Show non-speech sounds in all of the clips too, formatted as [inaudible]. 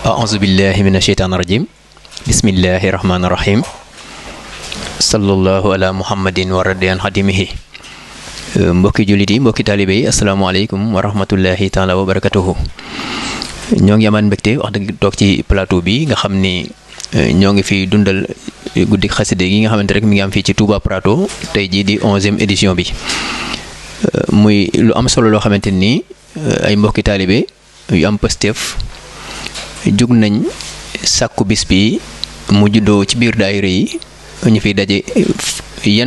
aouzu billahi min asheytaan rajim bismillahi rahmaani rahim sallallahu ala muhammadin wa radiyan xadimihi mbokki jullit yi mbokki taalibe yi asalaamaaleykum wa rahmatullahi taala ñoo ngi amaan mbégte wax dëgg toog ci plateau bi nga xam ni eh, ñoo ngi fi dundal guddi xaside gi nga xamante rek mi ngi am fii ci Touba Prato tey jii di onzième édition bi eh, muy lu am solo loo xamante nii eh, ay mbokki taalibe yu am pësteef jug nañ sàkku bis bi mu juddoo ci biir daayira yi ñu fi daje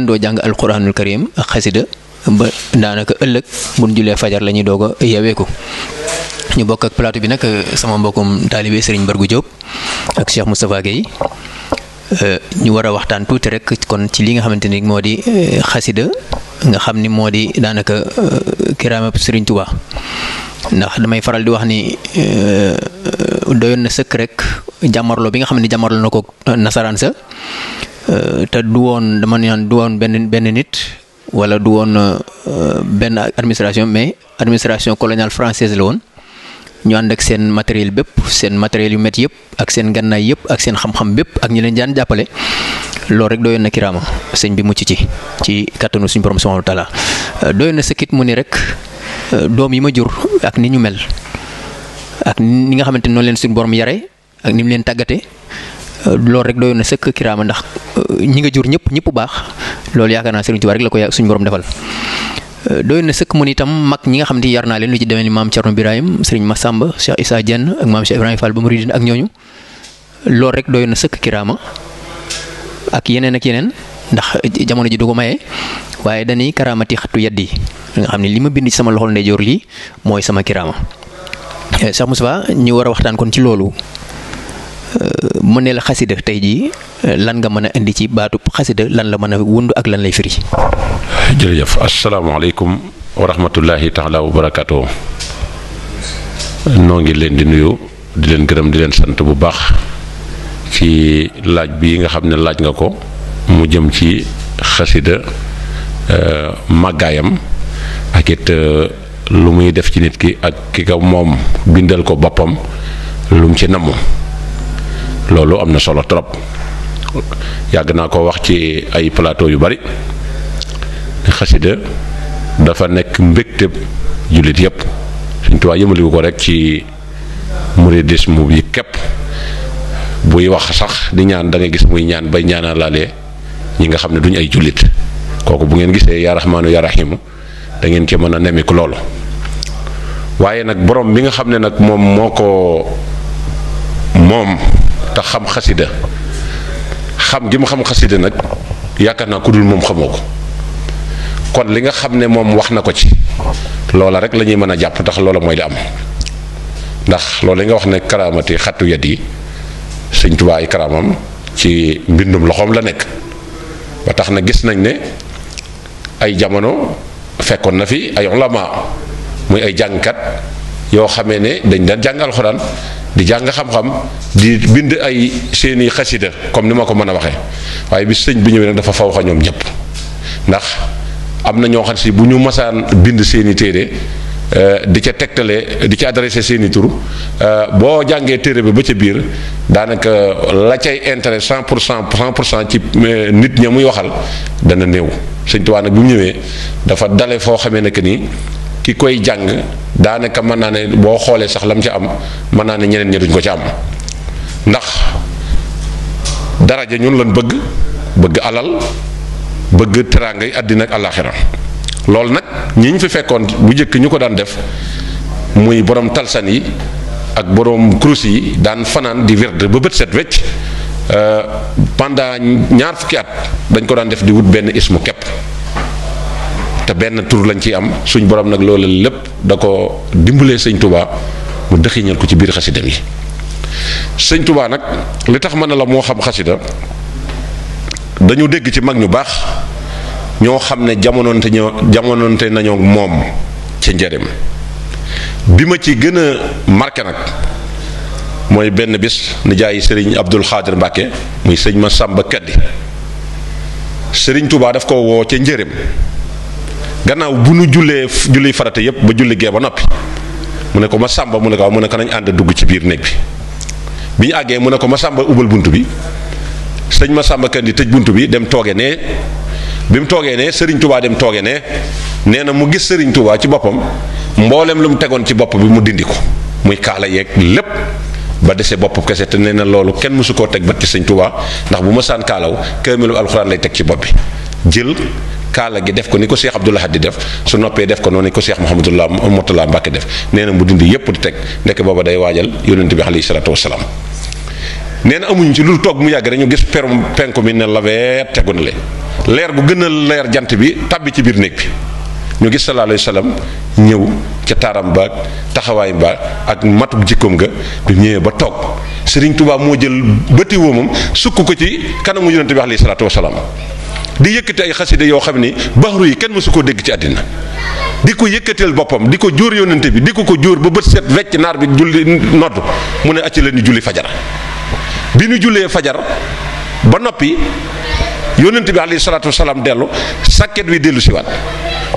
doo jàng alquranul karim ak xasida ba daanaka ëllëg bu julee fajar lañuy ñuy doog a yeweeku ñu bokk ak plateau bi nag sama mbokkum taalibe Serigne Bargou jóg ak Cheikh Moustapha Guèye ñu war a waxtaan tuuti rek kon ci li nga xamante ni moo di eh, xasida nga xam ni moo di daanaka euh, kiraama Sëriñ Tuubaa ndax damay faral di wax ni euh, doyoon na sëkk rek jàmmarloo bi nga xam ni jàmmarloo na ko nasaraan sa euh, te du woon dama naan du woon benn benn nit wala du woon benn administration mais administration coloniale française la woon. ñu ànd ak seen matériel bépp seen matériel yu métti yëpp ak seen gànnaay yëpp ak seen xam-xam bépp ak ñu leen jaan jàppale loolu rek doyoon na kiraama sëñ bi mucc ci ci kattanu suñ borom subhanahu wa doo euh, doyoon na sëkkit mu ni rek euh, doom yi ma jur ak ni ñu mel ak ni nga xamante noonu leen suñu borom yare ak ni leen tàggate euh, loolu rek doyoon na sëkk kiraama ndax ñi nga jur ñëpp ñëpp baax loolu yaakaar naa Sëriñ Tuubaa rek la ko suñu borom defal doy na sëkk mën itam mag ñi nga xam ne yar naa leen lu ci demee ni maam Thierno Birahim Serigne Massamba Cheikh Issa Diène ak maam Cheikh Ibrahima Fall ba Mouridine ak ñooñu loolu rek doy na sëkk kiraama ak yeneen ak yeneen ndax jamono ji du ko maye waaye dañuy karaamati xattu yaddi nga xam ne li ma bind ci sama loxol ndeyjoor lii mooy sama kiraama eh, Cheikh Moussa ñu war a waxtaan kon ci loolu. Euh, mu la xasida tey jii lan nga mën a indi ci baatu xasida lan la mën a wund ak lan lay firi. jërëjëf asalaamaaleykum wa rahmatullahi taala wa barakaatu. noo ngi leen di nuyu di leen gërëm di leen sant bu baax ci laaj bi nga xam ne laaj nga ko mu jëm ci xasida euh, màggaayam akit euh, lu muy def ci nit ki ak ki ko moom bindal ko boppam lu mu ci namm loolu am na solo trop yàgg naa ko wax ci ay plateau yu bari xasida dafa nekk mbégte jullit yépp Sëñ Tuubaa yëmaliwu ko rek ci muridisme bi képp buy wax sax di ñaan danga gis muy ñaan bay ñaanalaale ñi nga xam ne duñ ay jullit kooku bu ngeen gisee yaa raxmaanu yaa raxiimu da ngeen ci mën a nemiku loolu waaye nag borom bi nga xam ne nag moom moo ko moom te xam xasida xam gi mu xam xasida nag yaakaar naa ku dul moom xamoo ko kon li nga xam ne moom wax na ko ci loola rek lañuy mën a jàpp ndax loola mooy li am ndax loolu li nga wax ne karaamati xattu yat yi sëñ Tuubaa ay karaamam ci mbindum loxoom la nekk ba tax na gis nañ ne ay jamono fekkoon na fi ay ulama muy ay jàngkat yoo xamee ne dañ daan jàng alxuraan di jàng xam-xam di bind ay seeni xasida comme ni ma ko mën a waxee waaye bi sëñ bi ñëwee nag dafa fawxa ñoom ñëpp ndax am na ñoo xam si bu ñu masaan bind seeni téere euh, di ca tegtale di ca adressé seeni tur euh, boo jàngee téere bi ba ca biir daanaka la cay intérêt cent pour cent cent pour cent ci euh, nit ña muy waxal dana néew sëñ Tuubaa nag bu mu ñëwee dafa dale foo xamee ne que nii ki koy jàng daanaka mën naa ne boo xoolee sax la mu ci am mën naa ne ñeneen ñi duñ ko ci am ndax daraja ñun lan bëgg bëgg alal bëgg teraanga yi àddina ak àllaaxira loolu nag ñi ñu fi fekkoon bu njëkk ñu ko daan def muy borom talsan yi ak boroom kurus yi daan fanaan di werd ba bët set wecc euh, pendant ñaar fukki at dañ ko daan def di wut benn ismu kepp te benn tur lañ ciy am suñ borom nag loola lépp da ko dimbalee sëñ tubaa mu dëxiñal ko ci biir xasidam yi sëñ tubaa nag li tax mën na la moo xam xasida dañu dégg ci mag ñu baax ñoo xam ne jamonoonte ñoo moom ci njëriñ bi ma ci gën a marqué nag mooy benn bis nijaayi sëriñ Abdul Xaadir Mbàkke muy sëñ ma Sàmba Kaddi sëriñ Touba daf ko woo ca njëriñ gannaaw bu nu jullee julli farata yépp ba julli gee ba noppi mu ne ko ma sàmba mu ne ko ne ko nañ ànd dugg ci biir néeg bi bi ñu àggee mu ne ko ma sàmba ubbal bunt bi sëñ ma sàmba kan di tëj bunt bi dem tooge ne bi mu toogee ne sëriñ tubaa dem tooge ne nee na mu gis sëriñ tubaa ci boppam mboolem lu mu tegoon ci bopp bi mu dindi ko muy kaala yeeg lépp ba desee bopp kese te nee na loolu kenn mësu koo teg bët ci sëñ tubaa ndax bu ma saan kaalaw kaamilu alxuraan lay teg ci bopp bi jël kaala gi def ko ni ko Cheikh Abdoul Ahad di def su noppee def ko noonu ni ko Cheikh Mouhamadullah Mourtala Mbàkke def nee na mu dindi yépp di teg ndekk booba day waajal yonent bi alayhi salaatu nee na amuñu ci lu toog mu yàgg dañu gis perum penku mi ne laveer tegu na le leer bu gën a leer jant bi tàbbi ci biir néeg bi ñu gis sallallahu alayhi wasallam ñëw ca taaram ba taxawaay ba ak matuk jikkoom ga ñëwee ba toog Serigne Touba moo jël bëti woomam sukk ko ci kanamu yonent bi alayhi salaatu wasalaam di yëkkati ay xasida yoo xam ni baxru yi kenn mësu koo dégg ci àddina di ko yëkkateel boppam di ko jóor yónnante bi di ko ko jóor ba bët set wecc naar bi julli nodd mu ne acc la ñu julli fajar bi ñu jullee fajar ba noppi yónnante bi alayhi salaatu wasalaam dellu sàkket wi dellu siwaat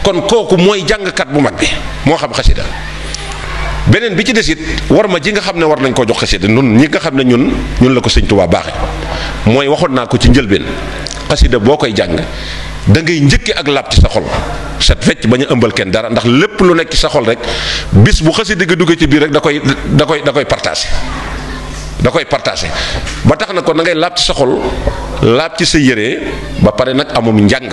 kon kooku mooy jàngkat bu mag bi moo xam xasida beneen bi ci des war ma ji nga xam ne war nañ koo jox xasida nun ñi nga xam ne ñun ñun la ko sëñ Tuubaa baaxe mooy waxoon naa ko ci njëlbeen xasida boo koy jàng da ngay njëkke ak laab ci sa xol set fecc bañ a ëmbal kenn dara ndax lépp lu nekk ci sa xol rek bis bu xasida gi duggee ci biir rek da koy da koy da koy partagé da koy partagé ba tax na ko da ngay laab ci sa xol laab ci sa yére ba pare nag amum njàng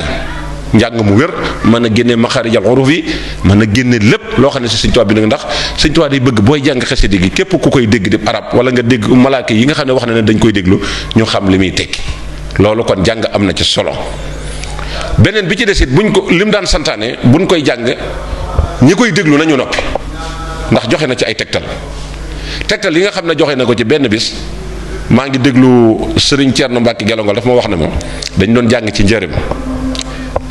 njàng mu wér mën a génne maxaarijal xuruf yi mën a génne lépp loo xam ne si sëñ Tuubaa bi nag ndax sëñ Tuubaa day bëgg booy jàng xasida gi képp ku koy dégg di arab wala nga dégg malaaka yi nga xam ne wax na ne dañ koy déglu ñu xam li muy tekki loolu kon jàng am na ci solo beneen bi ci desit buñ ko lim daan santaane buñ koy jàng ñi koy déglu nañu noppi ndax joxe na ci ay tegtal tegtal yi nga xam ne joxe na ko ci benn bis maa ngi déglu Serigne Thierno Mbacke Gelongal daf ma wax ne ma dañ doon jàng ci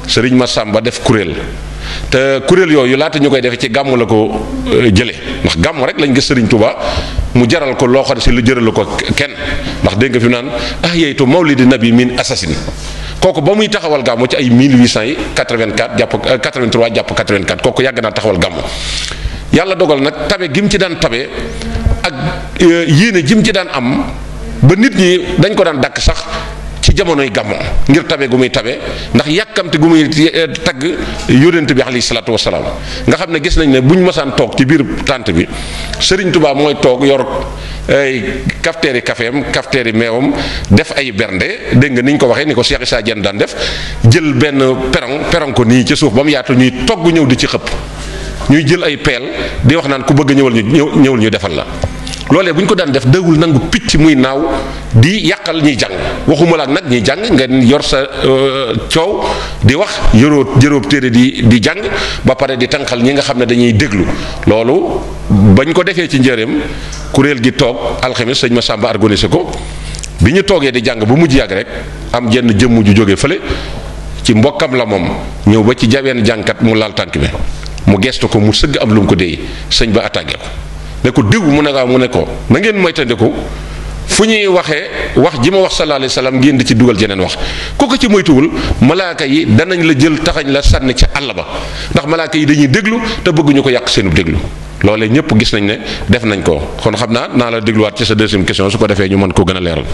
sëriñ ma Massamba def kuréel te kuréel yooyu laata ñu koy defee ci gàmmu la ko euh, jëlee ndax gàmmu rek lañ gis sëriñ Touba. mu jaral ko loo xam si lu jëral ko kenn ndax dégg nga fi naan ah yeytu mawlidi nabi min assasine kooku ba muy taxawal gàmmu ci ay yi 1884 jàpp 83 euh, jàpp 84 kooku yàgg naa taxawal gàmmu yàlla dogal nag tabe gi mu ci daan tabe ak euh, yéene ji mu ci daan am ba nit ñi dañ ko daan dàkk sax jamonoy gàmmo ngir tabe gu muy tabe ndax yàkkamte gu muy eh, tagg yónent bi alayhi salaatu wasalaam nga xam ne gis nañ ne buñ masaan toog ci biir tànt bi sëriñ tubaab mooy toog yor ay kafteeri kafeem kafteeri meewam def ay bernde dégg nga ni ñu ko waxee ni ko Cheikh Issa Diène daan def jël benn perong perong ko nii ci suuf ba mu yaatu ñuy togg ñëw di ci xëpp ñuy jël ay peel di wax naan ku bëgg ñëwal ñu ñëwal ñu defal la loole bu ñu ko daan def dëggul nangu picc muy naaw di yàqal ñuy jàng waxuma la nag ñuy jàng nga yor sa euh, coow di wax yëroo jëroob téere di di jàng ba pare di tànqal ñi nga xam ne dañuy déglu loolu bañ ko defee ci njëreem kuréel gi toog alxames sëñ Massamba organisé ko bi ñu toogee di jàng bu mujj yàgg rek am jenn jëmm ju jóge fële ci mbokkam la moom ñëw ba ci jaween jàngkat mu laal tànk bi mu gestu ko mu sëgg am lu mu ko déy sëñ ba attaqué ko ne ko diw mu ne kaa mu ne ko ngeen moytandiku fu ñuy waxee wax ji ma wax sallallahu alayhi wasallam ngeen di ci dugal jeneen wax ku ko ci moytuwul malaaka yi danañ la jël taxañ la sànni ci àll ba ndax malaaka yi dañuy déglu te bëgguñu ko yàq seenub déglu loole ñëpp gis nañ ne def nañ ko kon xam naa naa la dégluwaat ci sa deuxième question su ko defee ñu mën koo gën a leeral.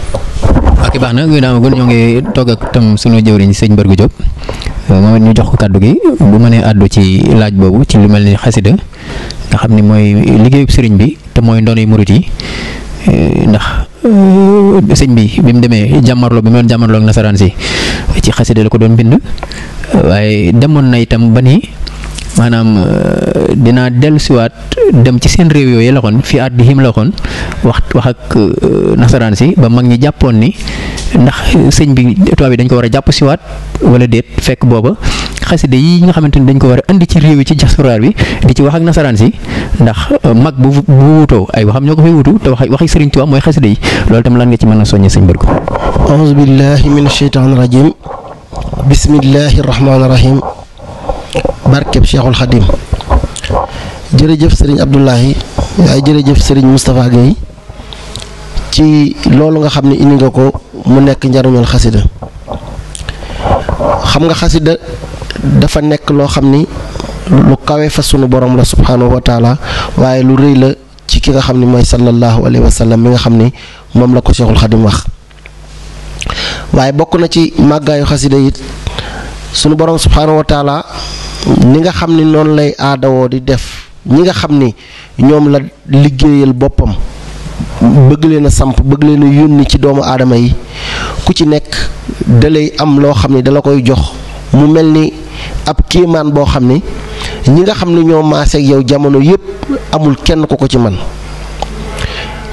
ok baax na ñu daamagun ñoo ngi toog ak tam suñu jëwriñ sëñ Mbargou Diop euh, moom it ñu jox ko kàddu gi bu mënee àddu ci laaj boobu ci lu mel ni xasida nga xam ni mooy liggéeyub sëriñ bi te mooy ndonuy murit yi eh, ndax eh, sëñ bi bi mu demee jàmmarloo bi mu doon jàmmarloo ak nasaraan si ci xasida la ko doon bind waaye demoon na itam ba ni maanaam eh, dinaa dellu siwaat dem ci seen réew yooyu la xoon fi àddi him la xoon wax wax ak nasaraan si ba mag ñi jàppoon ni ndax sëñ bi tubaab bi dañ ko war a jàpp siwaat wala déet fekk booba xaside yi nga xamante ni dañ ko war a indi ci réew yi ci diaspora bi di ci wax ak nasaraan si ndax euh, mag bu bu wuutoo ay waxam ñoo ko fi wuutu te wax waxi Sëriñ Tuubaa mooy xaside yi loolu tam lan nga ci mën a soññee sëñ Bargny. auzu billaahi mina sheytaani rajiim bismillaahi rahmaani rahiim barkeb sëriñ Abdoulahi waaye jërëjëf sëriñ Moustapha Guèye ci loolu nga xam ne indi nga ko mu nekk njariñul xasida xam nga xasida dafa nekk loo xam ni lu kawe fa sunu borom la subhaanahu wa taala waaye lu rëy la ci ki nga xam ni mooy sallallahu alayhi wa sallam mi nga xam ni moom la ko Cheikhul Xadim wax waaye bokk na ci màggaayu xasida it sunu borom subhaanahu wa ni nga xam ni noonu lay aadawoo di def ñi nga xam ni ñoom la liggéeyal boppam bëgg leen a samp bëgg leen a yónni ci doomu aadama yi ku ci nekk dalay am loo xam ne dala koy jox mu mel ni ab kéemaan boo xam ne ñi nga xam ne ñoo maaseeg yow jamono yépp amul kenn ku ko ci man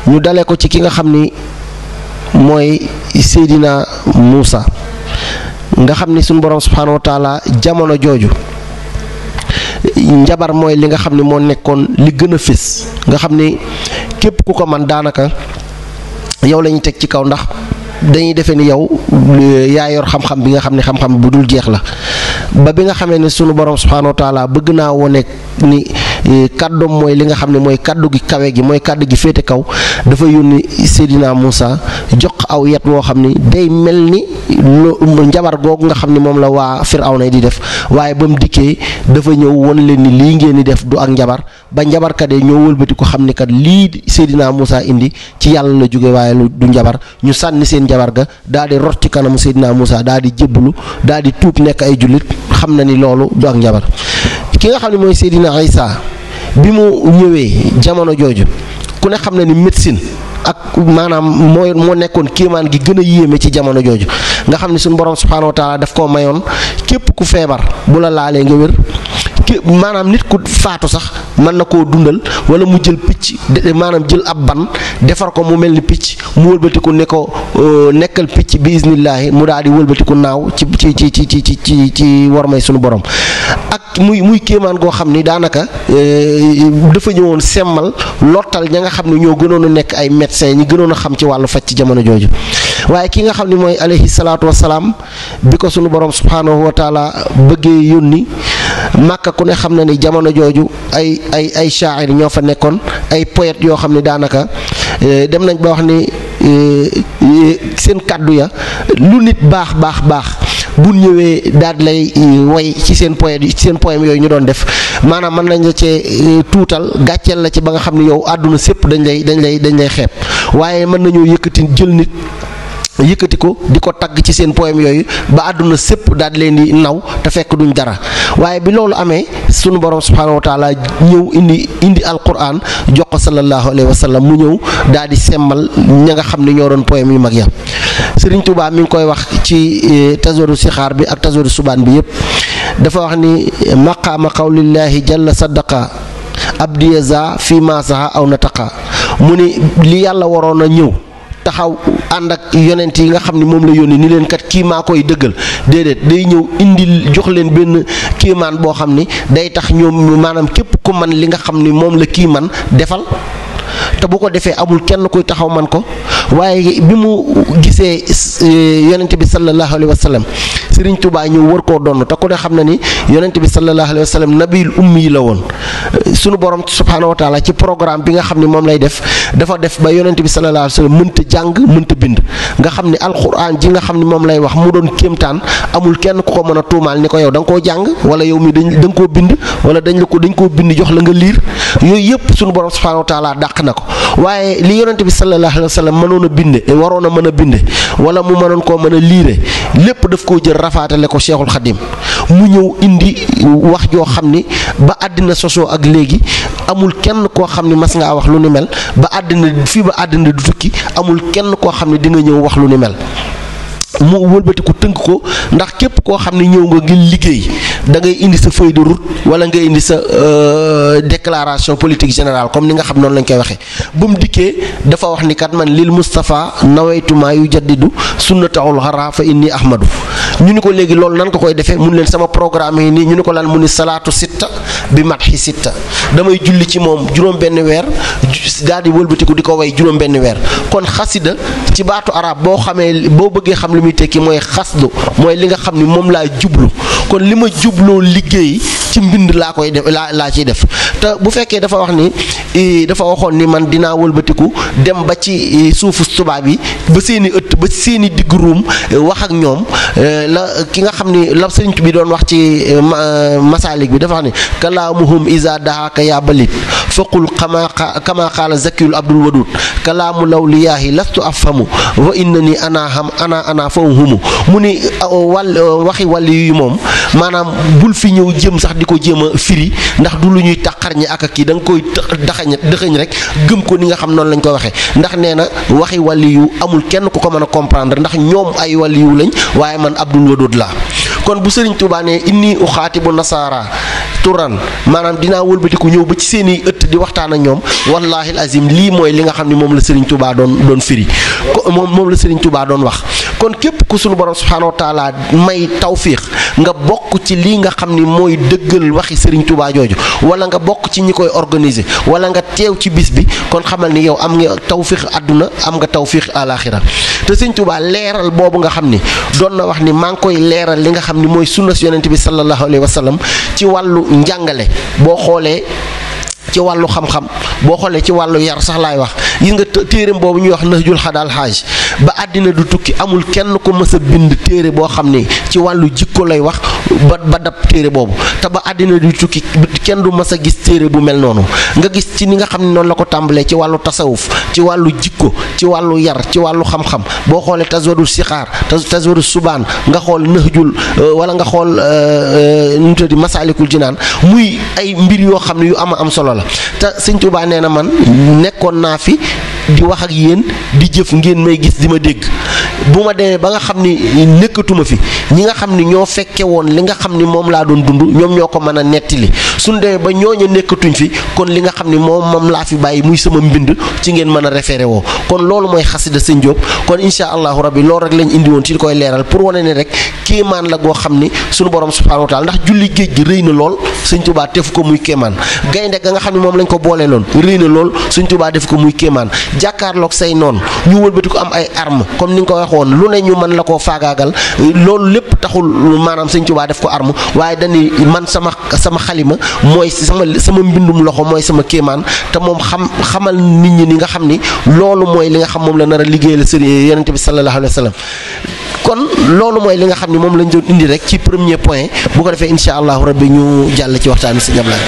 ñu dale ko ci ki nga xam ni mooy Seydina Muusa nga xam ne suñu borom subhaanahu jamono jooju njabar mooy li nga xam ne moo nekkoon li gën a fés nga xam ni képp ku ko man daanaka yow lañu teg ci kaw ndax dañuy defee ni yow euh, yaa yor xam-xam bi nga xam ne xam-xam bu dul jeex la ba bi nga xamee ne sunu borom subhaanahu wa taala bëgg naa wone ni euh, kàddoom mooy li nga xam ne mooy kàddu gi kawe gi mooy kàddu gi féete kaw dafa yónni Seydina Moussa jox aw yat woo xam ni day mel ni lu njabar googu nga xam ne moom la waa Firawna di def waaye ba mu dikkee dafa ñëw won leen ni lii ngeen di def du ak njabar ba njabarkat yi ñoo wëlbati ko xam ni kat lii Seydina muusa indi ci yàlla na jóge waaye du njabar ñu sànni njabar ga daal di rot ci kanamu Seydina Moussa daal di jébbalu daal di tuub nekk ay jullit xam na ni loolu du ak njabar ki nga xam ne mooy Seydina Isa bi mu ñëwee jamono jooju ku ne xam na ni médecine ak maanaam mooy moo nekkoon kéemaan gi gën a yéeme ci jamono jooju nga xam ne suñu borom subhaanahu wa taala daf koo mayoon képp ku feebar bu la laalee nga wér maanaam nit ku faatu sax man na koo dundal wala mu jël picc maanaam jël ab ban defar ko mu mel ni picc mu wëlbatiku ne ko euh, nekkal picc bi isnillaahi mu daal di wëlbatiku naaw ci ci ci ci ci ci ci war may sunu borom ak muy muy kéemaan goo xam ni daanaka euh, dafa ñëwoon semmal lottal ña nga xam ne ñoo gënoon a nekk ay médecins ñi gënoon a xam ci wàllu faj ci jamono jooju waaye ki nga xam ne mooy alayhi salaatu wasalaam bi ko sunu borom subhaanahu wa bëggee yónni màkka ku ne xam na ni jamono jooju ay ay ay shaa'ir ñoo fa nekkoon ay poète yoo xam ne daanaka eh, dem nañ ba wax ni eh, eh, seen kàddu ya lu nit baax baax baax bu ñëwee daal lay way ci seen yi ci seen poème yooyu ñu doon def maanaam mën nañ la cee tuutal gàcceel la ci ba nga xam ne yow àdduna sépp dañ lay dañ lay dañ lay xeeb waaye mën nañoo yëkkati jël nit yëkkati ko di ko tagg ci seen poème yooyu ba àdduna sépp daal di leen di naw te fekk duñ dara waaye bi loolu amee sunu borom subhaanahu wa taala ñëw indi indi alquran jox ko sallallahu alayhi wa mu ñëw daal di semmal ña nga xam ne ñoo doon poème yu mag ya Sëriñ Tuubaa mi ngi koy wax ci eh, tasoru sixaar bi ak tasoru subaan bi yépp dafa wax ni maqaama qawlillaahi jalla saddaqa abdiyaza fi maasaha aw nataqa mu ni li yàlla waroon a ñëw taxaw ànd ak yonent yi nga xam ne moom la yónni ni leen kat kii maa koy dëggal déedéet day ñëw indil jox leen benn kiimaan boo xam ne day tax ñoom maanaam képp ku man li nga xam ni moom la kii man defal te bu ko defee amul kenn kuy taxaw man ko waaye bi mu gisee eh, yonent bi sallallahu alayhi wa sallam Sëriñ Tuubaa ñëw war koo donn te ku ne xam na ni yonent bi sallallahu alayhi wa sallam nabiil ummi la woon sunu borom subhaanahu wa taala ci programme bi nga xam ne moom lay def dafa def ba yonent bi sallallahu alayhi wa sallam mënta jàng mënta bind nga xam ne alquran ji nga xam ne moom lay wax mu doon kéemtaan amul kenn ku ko mën a tuumaal ni ko yow da nga koo jàng wala yow mi dañ da koo bind wala dañ la ko dañ koo bind jox la nga liir yooyu yëpp sunu borom subhaanahu na waaye li yonent bi sallallahu alayhi wa mënoon a binde waroon a mën a binde wala mu mënoon koo mën a liire lépp daf koo jël rafaatale ko Cheikhul Khadim mu ñëw indi wax joo xam ni ba àddina sosoo ak léegi amul kenn koo xam ni mas ngaa wax lu ni mel ba àddina fii ba àddina du tukki amul kenn koo xam ni di ñëw wax lu ni mel mu wëlbati ko tënk ko ndax képp koo xam ne ñëw nga ngir liggéey da ngay indi sa feuille de route wala ngay indi sa euh, déclaration politique général comme ni nga xam noonu lañ koy waxee bu mu dikkee dafa wax ni kat man lil Moustapha nawaytumaa yu jaddidu sunnatahul xara fa inni ahmadu ñu ni ko léegi loolu nan ko koy defee mun leen sama programme yi nii ñu ni ko lan mu ni salaatu sitta bi xi sitta damay julli ci moom juróom benn weer daal di wëlbatiku di ko way juróom benn weer limité ki mooy xas xasdu mooy li nga xam ni moom laa jublu kon li ma jubloo liggéey ci mbind laa koy def laa laa ciy def te bu fekkee dafa wax ni dafa waxoon ni man dinaa walbatiku dem ba ci suufu subaab yi ba seeni ëtt ba seeni i ruum e, wax ak ñoom e, la ki nga xam ni la sëriñ bi doon wax ci e, masaalik bi dafa wax ni kalaamuhum isa dahaaka yaa balit faqul kama kama qaala zakiyul abdul wadud kalaamu lawliyaahi lastu afhamu wa innani ana ham ana ana fawhumu mu ni wàll waxi wàll yu moom maanaam bul fi ñëw jëm sax di di jéem a firi ndax du lu ñuy taqar ñi ak a kii da nga koy daxañ dëxëñ rek gëm ko ni nga xam noonu lañ ko waxee ndax nee na waxi wàlli yu amul kenn ku ko mën a comprendre ndax ñoom ay wàlli yu lañ waaye man Abdul Wadud laa kon bu sëriñ Tuubaa ne inni u xaati bu nasaara turan maanaam dinaa wëlbatiku ñëw ba ci seen ëtt di waxtaan ak ñoom wallaahi azim lii mooy li nga xam ne moom la sëriñ Tuubaa doon doon firi ko moom moom la sëriñ Tuubaa doon wax kon képp ku sunu borom subhaanahu wa taala may tawfiix nga bokk ci lii nga xam ni mooy dëggal waxi sëriñ Tuubaa jooju wala nga bokk ci ñi koy organiser wala nga teew ci bis bi kon xamal ni yow am nga tawfiix àdduna am nga tawfiix àlaaxira te sëriñ Tuubaa boobu nga xam ni doon wax ni maa ngi koy leeral li nga xam ni mooy sunnas yonent bi sallallahu alayhi wa sallam ci wàllu njàngale boo xoolee ci wàllu xam-xam boo xoolee ci wàllu yar sax laay wax yi nga téereem boobu ñuy wax nahjul xadaal xaaj ba àddina du tukki amul kenn ko mës a bind téere boo xam ni ci wàllu jikko lay wax ba ba dab téere boobu te ba àddina du tukki kenn du mës a gis téere bu mel noonu nga gis ci ni nga xam ne noonu la ko tàmbalee ci wàllu tasawuf ci wàllu jikko ci wàllu yar ci wàllu xam-xam boo xoolee taswadu sixaar taswadu subaan nga xool nahjul euh, wala nga xool euh, euh, nu mu tudd masaalikul jinaan muy ay mbir yoo xam ne yu ama am solo loola te Sëñ Tuubaa nee na man nekkoon naa fi di wax ak yéen di jëf ngeen may gis di ma dégg bu ma demee ba nga xam ni nekkatuma fi ñi nga xam ni ñoo fekkee woon li nga xam ni moom laa doon dund ñoom ñoo ko mën a nettali suñ demee ba ñooña nekkatuñ fi kon li nga xam ni moom moom laa fi bàyyi muy sama mbind ci ngeen mën a référé woo kon loolu mooy xasida sëñ Diop kon incha allahu rabbi loolu rek lañ indi ci li koy leeral pour wane ne rek kéemaan la goo xam ni suñu borom subhanahu wa taala ndax julli géej gi rëy na lool sëñ Tuubaa def ko muy kéemaan gaynde ga nga xam ni moom lañ ko boolee loon rëy na lool sëñ Tuubaa def ko muy kéemaan jàkkaarlook say noon ñu wëlbati ko am ay arme comme ni nga ko waxoon lu ne ñu mën la koo faagaagal loolu lépp taxul maanaam sëñ Tuubaa def ko arme waaye dañuy man sama sama xalima mooy sama sama mbindum loxo mooy sama kéemaan te moom xam xamal nit ñi ni nga xam ni loolu mooy li nga xam moom la nar a liggéeyal sëriñ yonente bi sallallahu alayhi wa sallam kon loolu mooy li nga xam ne moom lañ doon indi rek ci premier point bu ko defee incha allahu bi ñu jàll ci waxtaan si sëñ Ablaye.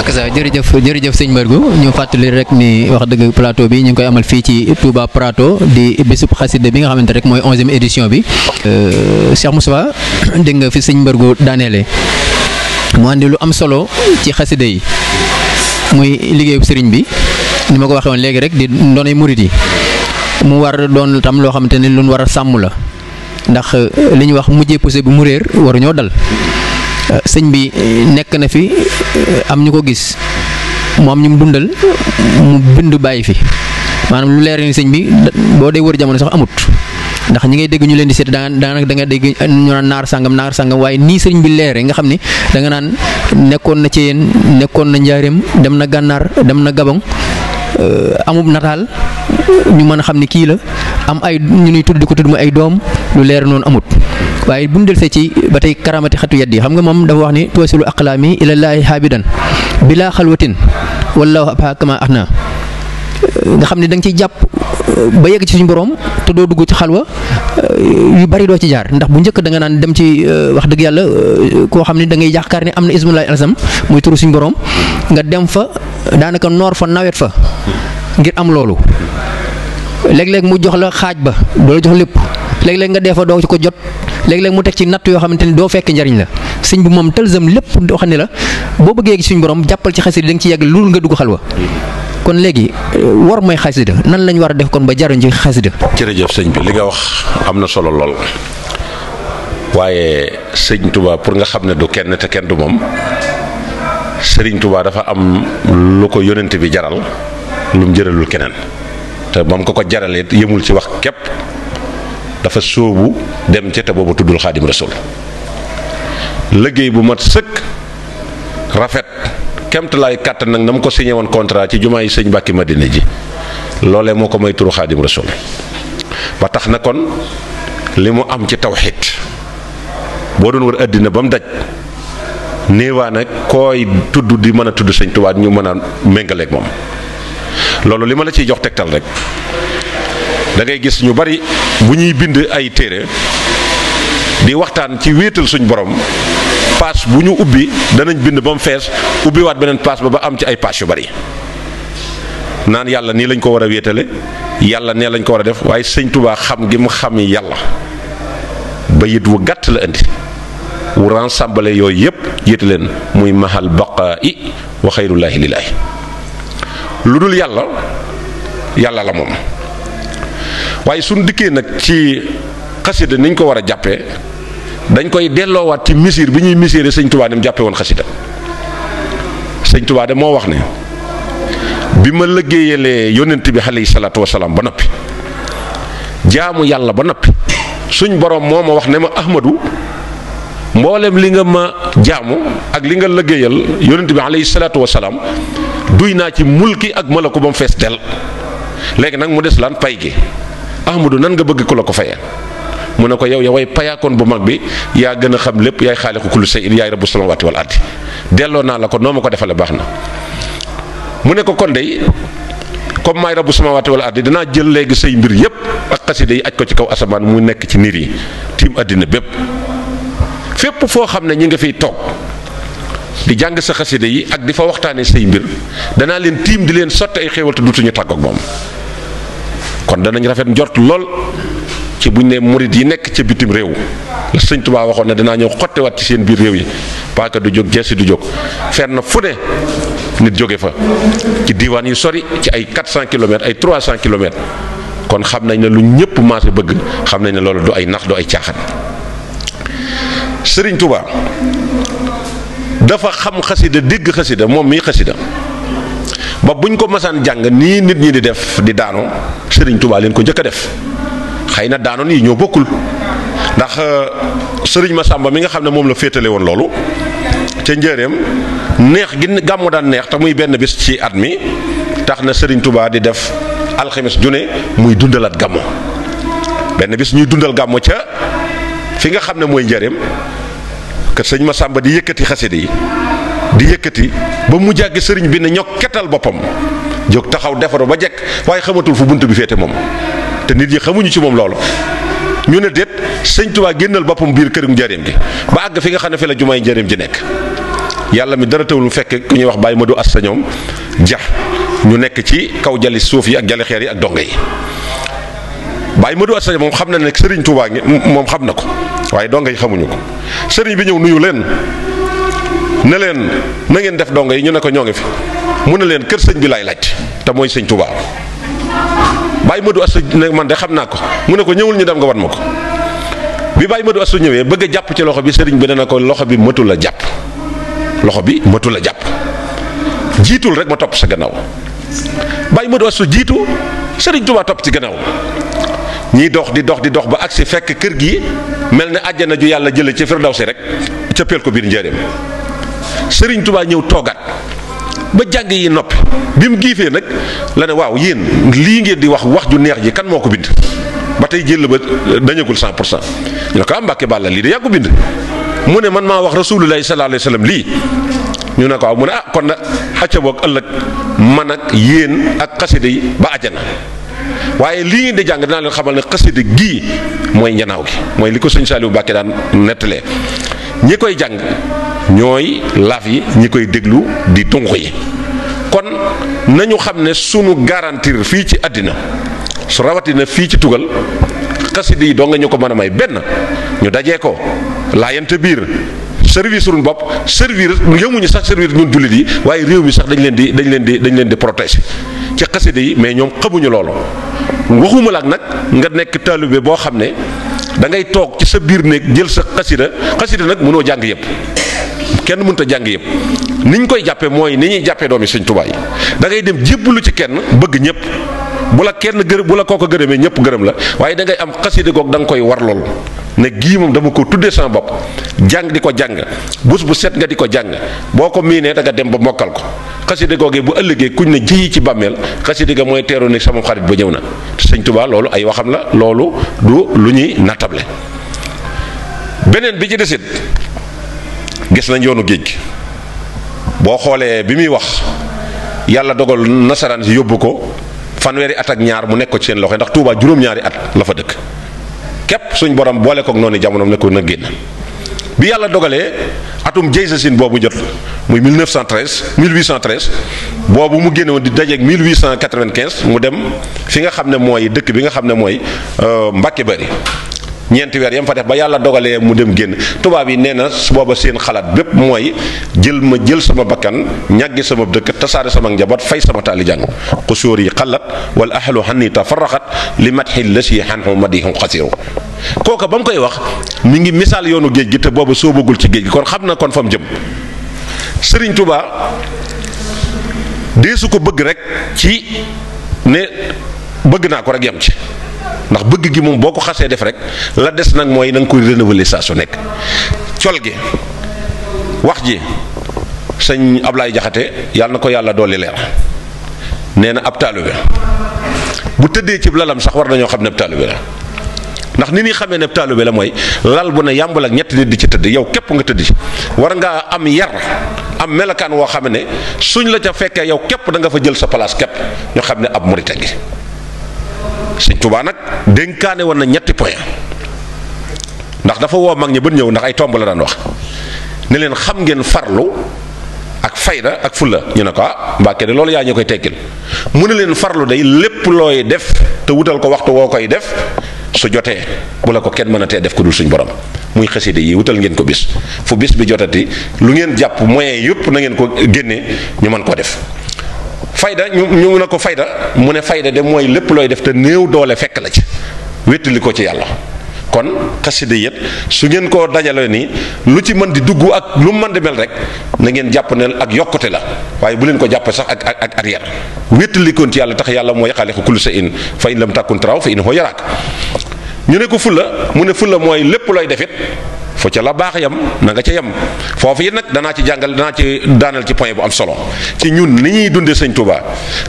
ak sa jërëjëf jërëjëf sëñ Mbargou ñu fàttali rek ni wax dëgg plateau bi ñu ngi koy amal fii ci Touba Prato di bisub xaside bi nga xamante rek mooy onzième édition bi euh, Cheikh Moussa [coughs] dégg nga fi sëñ Mbargou daneele mu indi lu am solo ci xaside yi muy liggéeyu sëriñ bi ni ma ko waxee woon léegi rek di doonay murit yi mu war doon tam loo xamante ni lu war a sàmm la. ndax euh, li ñuy wax mujjee poussé bi mu réer war ñoo dal euh, sëñ bi euh, nekk na fi am ñu ko gis mu am ñu mu dundal mu bind bàyyi fi maanaam lu leer ni sëñ bi boo dee wër jamono sax amut ndax ñi ngay dégg ñu leen di seet daan daanaka danga nga dégg ñu naan naar sàngam naar sàngam waaye nii sëriñ bi leere nga xam ni danga naan nekkoon na ci yéen nekkoon na njaareem dem na gànnaar dem na gabon Euh, amub nataal ñu mën a xam ni kii la am ay ñu ñuy tudd ko tudd mu ay doom lu leer noonu amut waaye bu ñu delsee ci ba tey karamati xatu yaddi xam nga moom dafa wax ni tuwasilu aqlaami ilallaahi haabidan bilaa xalwatin wallaahu abhaa kama ahna nga xam ne da nga jàpp ba yegg ci suñu boroom te doo dugg ci xalwa yu bari doo ci jaar ndax bu njëkk da nga naan dem ci euh, wax dëgg yàlla euh, koo xam ne da ngay yaakaar ne am na ismullahi alsam muy turu suñu borom nga dem fa daanaka noor fa nawet fa ngir am loolu léeg-léeg mu jox la xaaj ba doo jox lépp léeg-léeg nga dee fa doo ci ko jot léeg-léeg mu teg ci natt yoo xamante ni doo fekk njariñ la sëñ bi moom tëlsam lépp doo xam ne la boo bëggee gi suñu borom jàppal ci xasida da nga ci yegg loolu nga dugg xalwa kon léegi war mooy xasida nan lañ war a def kon ba jariñ ci xasida jërëjëf sëñ bi li nga wax am na solo lool waaye sëñ tubaa pour nga xam ne du kenn te kenn du moom sëriñ tubaa dafa am lu ko yonent bi jaral lu mu jëralul keneen te ba mu ko ko jaralee yëmul ci wax képp dafa sóobu dem ca te boobu tuddul xaadim rasul liggéey bu mat sëkk rafet kemtalaay kàttan nag na mu ko señee woon contrat ci jumaa yi sëñ Mbàkke Madina ji loolee moo ko may turu xaadim rasul ba tax na kon li mu am ci tawxiid boo doon wër àddina ba mu daj néewaa nag koy tudd di mën a tudd sëñ Tuubaa ñu mën a moom loolu li ma la ciy jox tegtal rek dangay gis ñu bari bu ñuy bind ay téere di waxtaan ci wéetal suñ boroom paas bu ñu ubbi danañ bind ba mu fees ubbi beneen paas ba ba am ci ay paas yu bari naan yàlla nii lañ ko war a wéetale yàlla nee lañ ko war a def waaye sëñ Tuubaa xam gi mu xam yàlla ba yit wu gàtt la indi wu ransambale yooyu yépp yéete leen muy mahal baqaa'i wa xayrullaahi lillaahi lu dul yàlla yàlla la moom waaye suñ dikkee nag ci xasida niñ ko war a jàppee dañ koy delloowaat ci misir bi ñuy misiré sëñ Tuubaa dem jàppe woon xasida sëñ Tuubaa de moo wax ne bi ma liggéeyalee yonent bi alayhi salaatu wasalaam ba noppi jaamu yàlla ba noppi suñ borom moo ma wax ne ma Ahmadu mboolem li nga ma jaamu ak li nga liggéeyal yonent bi alayhi salaatu wasalaam duy naa ci mulki ak malaku ba mu fees dell léegi nag mu des laan pay gi Ahmadu nan nga bëgg ku la ko fayee. mu ne ko yow yaway payaakoon bu mag bi yaa gën xam lépp yaay xaaliqu kulli shay'in yaay rabbu samawati wal ardi delloo naa la ko noo ko defale baax na ne ko kon dey comme maay rabbu samawati wal ardi dinaa jël léegi say mbir yépp ak ko ci kaw asamaan mu nekk ci niir yi tiim àddina bépp fépp foo xam ne ñi nga fi toog di jàng sa xasida yi ak di fa waxtaanee say mbir danaa leen tiim di leen sotti ay xéewal te tàgg tàggoog moom kon danañ rafet njort lool ci bu buñ ne murit yi nekk ca bitim réew la sëñ Tuubaa waxoon na danaa ñëw wat ci seen biir réew yi paaka du jóg jeesi du jóg fenn fu ne nit jóge fa ci diiwaan yu sori ci ay 400 kilomètres ay 300 kilomètres kon xam nañ ne lu ñëpp maase bëgg xam nañ ne loolu du ay nax du ay caaxaan sëriñ Tuubaa dafa xam xasida dégg xasida moom mii xasida ba buñ ko masaan jàng nii nit ñi di def di daanoo sëriñ Tuubaa leen ko njëkk a def xay na daanoon yi ñoo bokkul ndax euh, sëriñ ma Masamba mi nga xam ne moom la féetale woon loolu ca njëreem neex gi gàmmu daan neex te muy benn bis ci at mi tax na sëriñ Touba di def alxemes ne muy dundalaat gàmmu benn bis ñuy dundal gàmmu ca fi nga xam ne mooy njëreem que sëñ Masamba di yëkkati xaside yi di yëkkati ba mu jàggi sëriñ bi ne ñokketal boppam jóg taxaw defaru ba jekk waaye xamatul fu bunt bi féete moom te nit ñi xamuñu ci moom loolu ñu ne déet sëñ Tuubaa génnal boppam biir kërum njariñ gi ba àgg fi nga xam ne fi la jumaay njëriñ ji nekk yàlla mi dara tawul mu fekk ku ñuy wax bàyyi ma du as sa ñoom ja ñu nekk ci kaw jali suuf yi ak jali xeer yi ak donga yi baay ma du as sa moom xam na ne sëriñ Tuubaa ngi moom xam na ko waaye donga yi xamuñu ko sëriñ bi ñëw nuyu leen na leen na ngeen def dongo yi ñu ne ko ñoo ngi fi mu ne leen kër sëñ bi laay laaj te mooy sëñ bàyyi Modou Assou ne man de xam naa ko mu ne ko ñëwul ñu dem nga wan ma ko bi bàyyi Modou Assou ñëwee bëgg jàpp ci loxo bi sëriñ bi dana ko loxo bi mëtu la jàpp loxo bi mëtu la jàpp jiitul rek ma topp sa gannaaw bàyyi Modou Assou jiitu sëriñ Tuubaa topp ci gannaaw ñiy dox di dox di dox ba agsi fekk kër gi mel ne àjjana ju yàlla jële ci si rek cëppeel ko biir njëriñ sëriñ tubaa ñëw toogaat. ba jàng yi nopp bi mu giifee nag la ne waaw yéen lii ngeen di wax wax ju neex ji kan moo ko bind ba tey jël ba euh, dañagul 100 pour cent ñu ne ko am ah, Mbàkke Bàlla lii de yàggu bind mu ne man maa wax rasulullahi sallallahu alayhi wa sallam lii ñu ne ko waaw mu ne ah kon nag acca ëllëg man ak yéen ak xasida yi ba àjjana waaye lii ngeen di jàng dinaa leen xamal ne xasida gii mooy njanaaw gi mooy li ko sëñ Saliou Mbàkke daan nettalee ñi koy jàng ñooy laaf yi ñi koy déglu di tunq yi kon nañu xam ne sunu garantir fii ci àddina su rawatina fii ci tugal xasida yi doo nga ñu ko mën a may benn ñu dajee ko laa laayante biir service suñu bopp servir yëmuñu sax servir ñun jullit yi waaye réew mi sax dañ leen di dañu leen di dañ leen di protéger ci xasida yi mais ñoom xamuñu loolu waxuma ak nag nga nekk taalibe boo xam ne da ngay toog ci sa biir néeg jël sa xasida xasida nag mënoo jàng yëpp kenn munuta jàng yëpp ni ñu koy jàppee mooy ni ñuy jàppee doomi Sëñ Tuubaa yi da ngay dem lu ci kenn bëgg ñëpp. bu la kenn gërëm bu la ko gërëmee ñëpp gërëm la waaye da am xasida goog danga nga koy war lool ne gii dama ko tuddee sama bopp jàng di ko jàng bus bu set nga di ko jàng boo ko miinee danga dem ba mokkal ko xasida googee bu ëllëgee kuñ ne jiyi ci bàmmeel xasida ga mooy teeru ni sama xarit ba ñëw na sëñ Tuubaa loolu ay waxam la loolu du lu ñuy nattable beneen bi ci desit gis nañ yoonu géej gi boo xoolee bi muy wax yàlla dogal nasaraan si yóbbu ko fanweeri at ak ñaar mu nekk ko ci seen loxo ndax Touba juróom-ñaari at la fa dëkk képp suñ borom boole koog noonu jamonoom ne ko na génn bi yàlla dogalee atum jëy sa sin boobu jot muy 1913 1813 boobu mu génn woon di dajeeg 1895 mu dem fi nga xam ne mooy dëkk bi nga xam ne mooy euh, Mbàkke Bari ñeenti weer yam fa def ba yàlla dogalee mu dem génn tubaab yi nee na booba seen xalaat bépp mooy jël ma jël sama bakkan ñàggi sama dëkk tasaare sama njaboot fay sama taali jàng xusuur yi xalat wala ahlu xanni tafaraxat li matxi la si xanxu madixu xasiru kooka ba mu koy wax mi ngi misaal yoonu géej gi te booba soobagul ci géej gi kon xam na kon fa mu jëm sëriñ tubaa deesu ko bëgg rek ci ne bëgg naa ko rek yam ci ndax bëgg gi moom boo ko xasee def rek la des nag mooy na nga koy renouveler saa su nekk col gi wax ji sëñ Ablaye Jaxate yàlla na ko yàlla dolli leer nee na ab taalibe bu tëddee ci lalam sax war na ñoo xam ne ab taalibe la ndax ni ñuy xamee ne ab taalibe la mooy lal bu ne yàmbal ak ñetti nit di ci tëdd yow képp nga tëdd ci war ngaa am yar am melokaan woo xam ne suñ la ca fekkee yow képp danga fa jël sa place képp ñu xam ne ab murite gi sëñ Tuubaa nag dénkaane woon na ñetti point ndax dafa woo mag ñi bën ñëw ndax ay tomb la daan wax ne leen xam ngeen farlu ak fayda ak fulla ñu ne ko ah Mbàkke de loolu yaa ñu koy tekkil mu ne leen farlu day lépp looy def te wutal ko waxtu woo koy def su jotee bu la ko kenn mën a tee def ku dul suñ borom muy xaside yi wutal ngeen ko bis fu bis bi jotati lu ngeen jàpp moyen yëpp na ngeen ko génnee ñu mën koo def fayda ñu ñu ne ko fayda mu ne fayda de mooy lépp looy def te néew doole fekk la ci wéttali ko ci yàlla kon xasida yëpp su ngeen koo dajale nii lu ci mën di dugg ak lu mën di mel rek na ngeen jàpp ne ak yokkute la waaye bu leen ko jàpp sax ak ak ak arrière wéttali koon ci yàlla tax yàlla moo yaqaaliku kullu sa in fa la mu tàkkun taraw fa in hoo yaraak ñu ne ko fulla mu ne fulla mooy lépp looy defit fo ca la baax yam na nga ca yam foofu it nag danaa ci jàngal danaa ci daanal ci point bu am solo ci ñun ni ñuy dundee sëñ Touba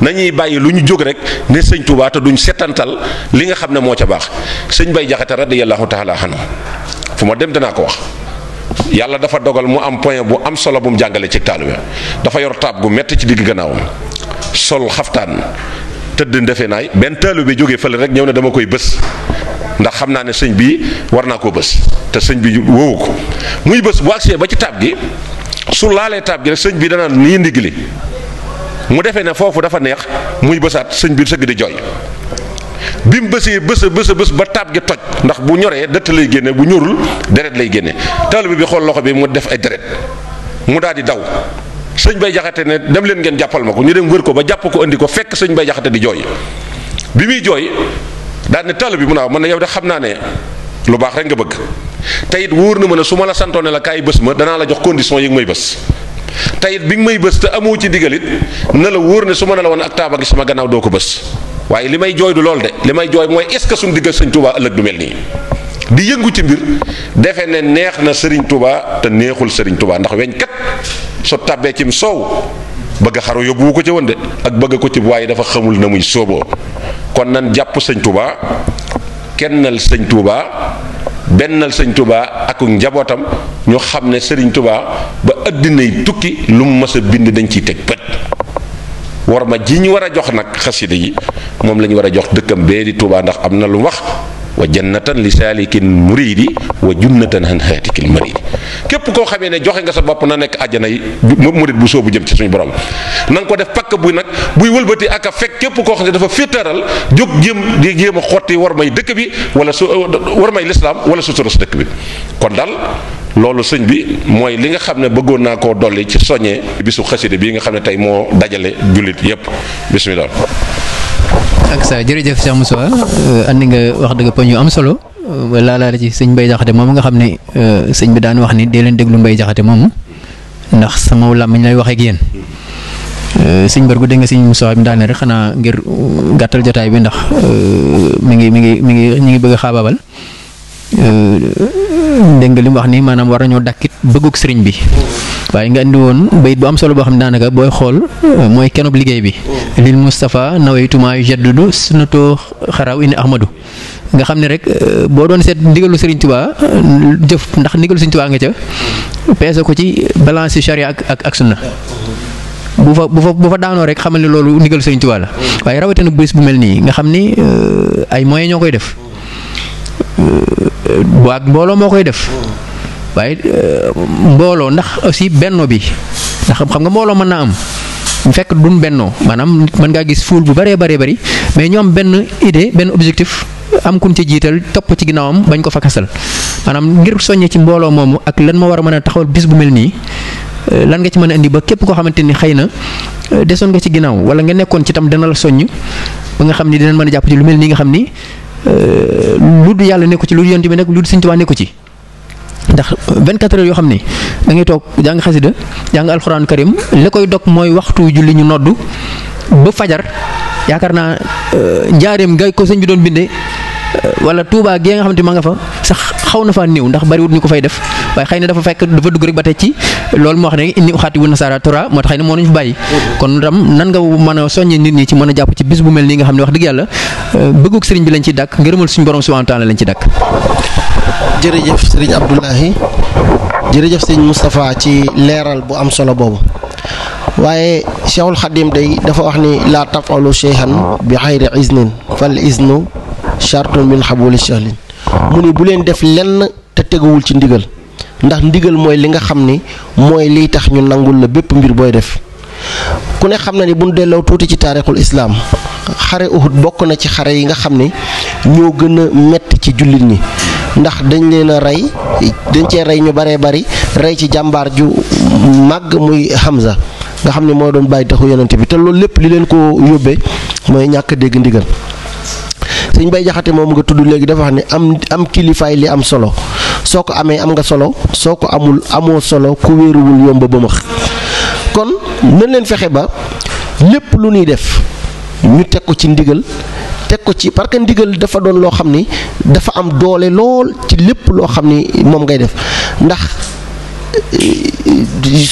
nañuy bàyyi lu ñu jóg rek ne sëñ Touba te duñ setantal li nga xam ne moo ca baax sëñ Bay Jaxate radiyallahu taala anhu fu ma dem danaa ko wax. yàlla dafa dogal mu am point bu am solo bu mu jàngale ci taalibe dafa yor taab gu métti ci digg gannaawam sol xaftaan tëdd ndefe naay benn taalibe bi jógee fële rek ñëw ne dama koy bës ndax xam naa ne sëñ bi war naa ko bës te sëñ bi woowu ko muy bës bu agsee ba ci taab gi su laalee taab gi rek sëñ bi dana nii ndigli mu defee ne foofu dafa neex muy bësaat sëñ bi sëgg di jooy bi mu bësee bës a bës ba taab gi toj ndax bu ñoree dëtt lay génne bu ñorul deret lay génne taalibe bi xool loxo bi mu def ay deret mu daal di daw sëñ bay jaxate ne dem leen ngeen jàppal ma ko ñu dem wër ko ba jàpp ko indi ko fekk sëñ bay jaxate di jooy bi daal ne bi mu a man na yow de xam naa ne lu baax rek nga bëgg teyit wóor na ma ne su ma la santoon ne la kaay bés ma danaa la jox condition yi nga may bés teyit bi nga may bés te amoo ci digalit na la wóor ne su ma ne la woon ak taaba gi sama gannaaw doo ko bës waaye li may jooy du lool de li may jooy mooy est ce que suñu diggal sëñ Touba ëllëg du mel nii di yëngu ci mbir defe ne neex na sëriñ Touba te neexul sëriñ Touba ndax weñ kat su tàbbee cim soow bëgg xaru yóbbuwu ko ca woon de ak bëgg ko ci waaye dafa xamul na muy sooboo kon nan jàpp sëñ Touba kennal sëñ Touba bennal sëñ Touba ak njabootam ñu xam ne sëriñ Touba ba addinay tukki lu mu mës bind dañ ciy teg bët war ma ji ñu war a jox nag xasida yi moom la war a jox dëkkam bee di Touba ndax am na lu wax wa jannatan li saalikin muridi wa junnatan han xaatikil maridi képp koo xamee ne joxe nga sa bopp na nekk àjjana yi murid bu soobu jëm ci suñu borom nanga ko def pakk bu nag buy wëlbati ak a fekk képp koo xam ne dafa féetaral jóg jéem di a xotti war may dëkk bi wala su war may lislaam wala sutura su dëkk bi kon dal loolu sëñ bi mooy li nga xam ne bëggoon naa koo dolli ci soññee bisu xaside bii nga xam ne tey moo dajale jullit yépp bismillah ak sa jërëjëf Cheikh Moussa euh, andi nga wax dëgg poñ yu am solo euh, laalaale ci sëñ Mbaye Jaxate moom nga xam ne euh, sëñ bi daan wax ni dee leen déglu Mbaye Jaxate moomu ndax sama làmmiñ lay waxee ak yéen. sëñ Bargou dégg nga sëñ Moussa bi daane rek xanaa ngir gàttal jotaay bi ndax mu ngi mi ngi mi ngi ñu ngi bëgg a xaabaabal. Euh, dégg nga li mu wax nii maanaam war nañoo dakkit bëggug sëriñ bi waaye nga indi woon bayit bu am solo boo xam ne daanaka booy xool euh, mooy kenub liggéey bi lil Moustapha nawaytumaa yu jaddudu sunnatoo xaraw ini ahmadu nga xam ne rek euh, boo doon seet ndigalu sëriñ Tuubaa jëf ndax ndigalu sëriñ a nga ca peese ko ci balance yi charia ak ak ak sunna bu fa bu fa bu fa daanoo rek xamal ne loolu ndigalu sëriñ Tuubaa la waaye rawatina bés bu mel nii nga xam ni ay moyens ñoo koy Euh, ak mbooloo moo koy def waaye euh, mbooloo ndax aussi benno bi ndax xam nga mbooloo mën naa am bu fekk dun bennoo maanaam man ngaa gis fuul bu bëree baree bari mais ñoom benn idée benn objectif am kun ci jiital topp ci ginnaawam bañ ko fa kasal maanaam ngir soññee ci mbooloo moomu ak lan ma war a mën a taxawal bis bu mel nii euh, lan nga ci mën a indi ba képp koo xamante ni xëy na desoon nga ci ginnaaw wala nga nekkoon ci tam dana la soññ ba nga xam ni dinañ mën a jàpp ci lu mel nii nga xam ni Euh, lu du yàlla nekku ci lu yonent bi nekk lu du Sëñ Tuubaa nekku ci ndax 24 heures yoo xam ne da ngay toog jàng xasida jàng alxuraan karim la koy dog mooy waxtu julli ñu noddu ba fajar yaakaar naa euh, njaareem nga ko sëñ bi doon bindee wala Touba gee nga xam xamante ma nga fa sax xaw na faa néew ndax bariwut ñu ko fay def waaye xëy na dafa fekk dafa dugg rek ba tey ci loolu moo wax ne inni uxaati wu nasaara tura moo tax xëy na moo nañu fi bàyyi kon tam nan nga a soññee nit ñi ci mën a jàpp ci bis bu mel nii nga xam ne wax dëgg yàlla euh, bëggug sëriñ bi lañ ci dàkk ngërëmal suñu borom subhanahu wa taala lañ ci dàkk jërëjëf sëriñ Abdoulahi jërëjëf sëriñ Moustapha ci leeral bu am solo boobu waaye Cheikhul Xadim day dafa wax ni la tafalu cheikhan bi xayri iznin fal iznu chartun min xabuli sahlin mu ni bu leen def lenn te teguwul ci ndigal ndax ndigal mooy li nga xam ni mooy liy tax ñu nangul la bépp mbir booy def ku ne xam ne ni buñ delloo tuuti ci taarixul islaam xare Uhud bokk na ci xare yi nga xam ne ñoo gën a metti ci jullit ñi ndax dañ leen a rey dañ cee rey ñu baree bari rey ci jàmbaar ju màgg muy Hamza nga xam ne mooy doon bàyyi taxu yonent bi te loolu lépp li leen ko yóbbee mooy ñàkk dégg ndigal sëñ bay jaxate moom nga tudd léegi dafa wax ne am am kilifaay li am solo soo ko amee am nga solo soo ko amul amoo solo ku wéeruwul yomb ba kon nañ leen fexe ba lépp lu ñuy def ñu teg ko ci ndigal teg ko ci parce que ndigal dafa doon loo xam ni dafa am doole lool ci lépp loo xam ni moom ngay def ndax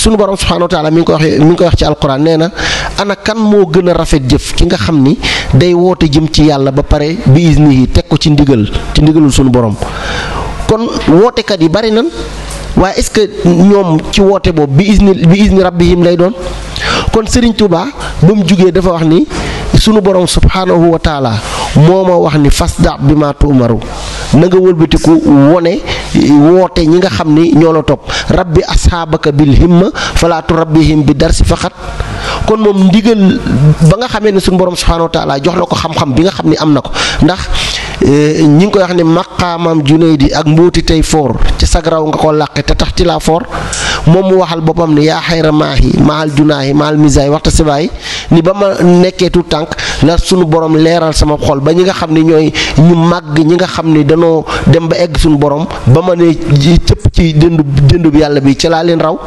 sunu borom subhaanahu wa taala mi ngi ko wax mi ngi koy wax ci alquran nee na ana kan moo gën a rafet jëf ki nga xam ni day woote jëm ci yàlla ba pare bi isni yi teg ko ci ndigal ci ndigalul suñu borom kon wootekat yi bari nan waaye est-ce que ñoom ci woote boobu bi isni bi isni rabbihim lay doon kon Serigne Touba ba mu jugee dafa wax ni sunu borom subhaanahu wa taala moo ma wax ni fasda bi ma tuumaru na nga wëlbatiku wone woote ñi nga xam ni ñoo la topp rabbi asxaabaka bi himma falaatu rabbihim bi dar darsi faxat kon moom ndigal ba nga xamee ne suñu borom subhanahu wa taala jox la ko xam-xam bi nga xam ni am na ko ndax Eh, ñi ngi koy wax ne maqaamam junayd ak mbóoti tey foor ci sagraw nga ko làqe te tax ci laa foor moom mu waxal boppam ni yaa xayra maahi maal junaahi maal misaay waxta sibaay ni ba ma nekkee tànk la suñu borom leeral sama xol ba ñi nga xam ne ñooy ñu màgg ñi nga xam ni danoo dem ba egg suñu borom ba ma ne cëpp ci dëndu dëndu yàlla bi ci laa leen raw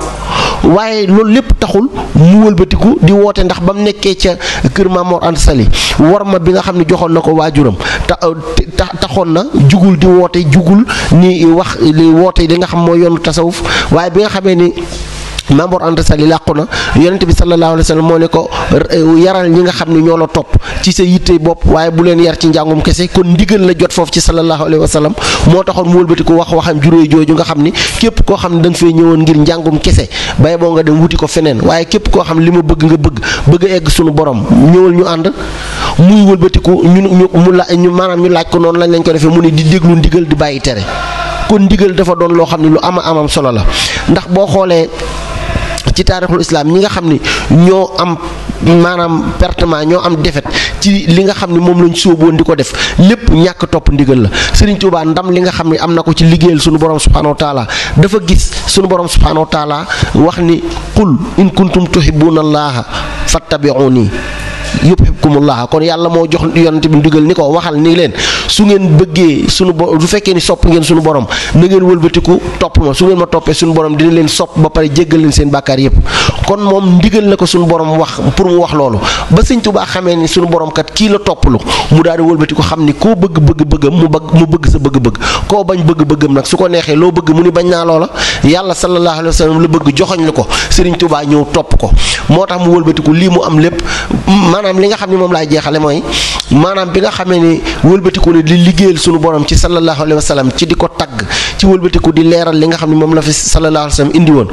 waaye loolu lépp taxul mu wëlbatiku di woote ndax ba mu nekkee ca kër Mamor Anta Sali war ma bi nga xam ne joxoon na ko waajuram euh, ta taxoon na jugul di woote jugul ni wax li woote li nga xam mooy yoonu tasawuf waaye bi nga xamee ni Mamor Anta Sali làqu na yonent bi sallallahu alayhi wa sallam moo ne ko yaral ñi nga xam ne ñoo la topp ci sa yitte bopp waaye bu leen yar ci njàngum kese kon ndigal la jot foofu ci sallallahu alayhi wa sallam moo taxoon mu wëlbati ko wax waxam juróoy jooju nga xam ni képp koo xam ne da fee ñëwoon ngir njàngum kese bay boo nga dem wuti ko feneen waaye képp koo xam li ma bëgg nga bëgg bëgg a egg suñu borom ñëwal ñu ànd muy wëlbatiku ñu ñu mu la ñu maanaam ñu laaj noonu lañ lañ ko defee mu ne di déglu ndigal di bàyyi tere kon ndigal dafa doon loo xam ne lu ama amam solo la ndax boo xoolee ci taarixul islam ñi nga xam ni ñoo am maanaam pertement ñoo am defet ci li nga xam ni moom lañ sóoboon di ko def lépp ñàkk topp ndigal la Serigne Touba ndam li nga xam ni am na ko ci liggéeyal suñu borom subhanahu wa taala dafa gis sunu borom subhanahu wa wax ni qul in kuntum tuhibbuna allaha fattabi'uni yuhibkumullaah kon yàlla moo jox yonent bi ndigal ni ko waxal ni leen su ngeen bëggee sunu bo du fekkee ni sopp ngeen suñu borom na ngeen wëlbatiku topp ma su ngeen ma toppee sunu borom dina leen sopp ba pare jéggal leen seen bàkkaar bàkkaar yëpp kon moom ndigal la ko suñu borom wax pour mu wax loolu ba sëñ Tuubaa xamee ni suñu borom kat kii la topplu mu daal di wëlbati ko xam ni koo bëgg bëgg bëggam mu bëgg mu bëgg sa bëgg-bëgg koo bañ bëgg-bëggam nag su ko neexee loo bëgg mu ni bañ naa loola yàlla sallallahu alayhi wa sallam la bëgg joxoñ la ko sëriñ Tuubaa ñëw topp ko moo tax mu wëlbatiku lii mu am lépp maanaam li nga xam ne moom laay jeexale mooy maanaam bi nga xamee ni wëlbatiku ne di liggéeyal suñu borom ci sallallahu alayhi wa sallam ci di ko tagg ci wëlbatiku di leeral li nga xam ne moom la fi sallallahu alayhi wa sallam indi woon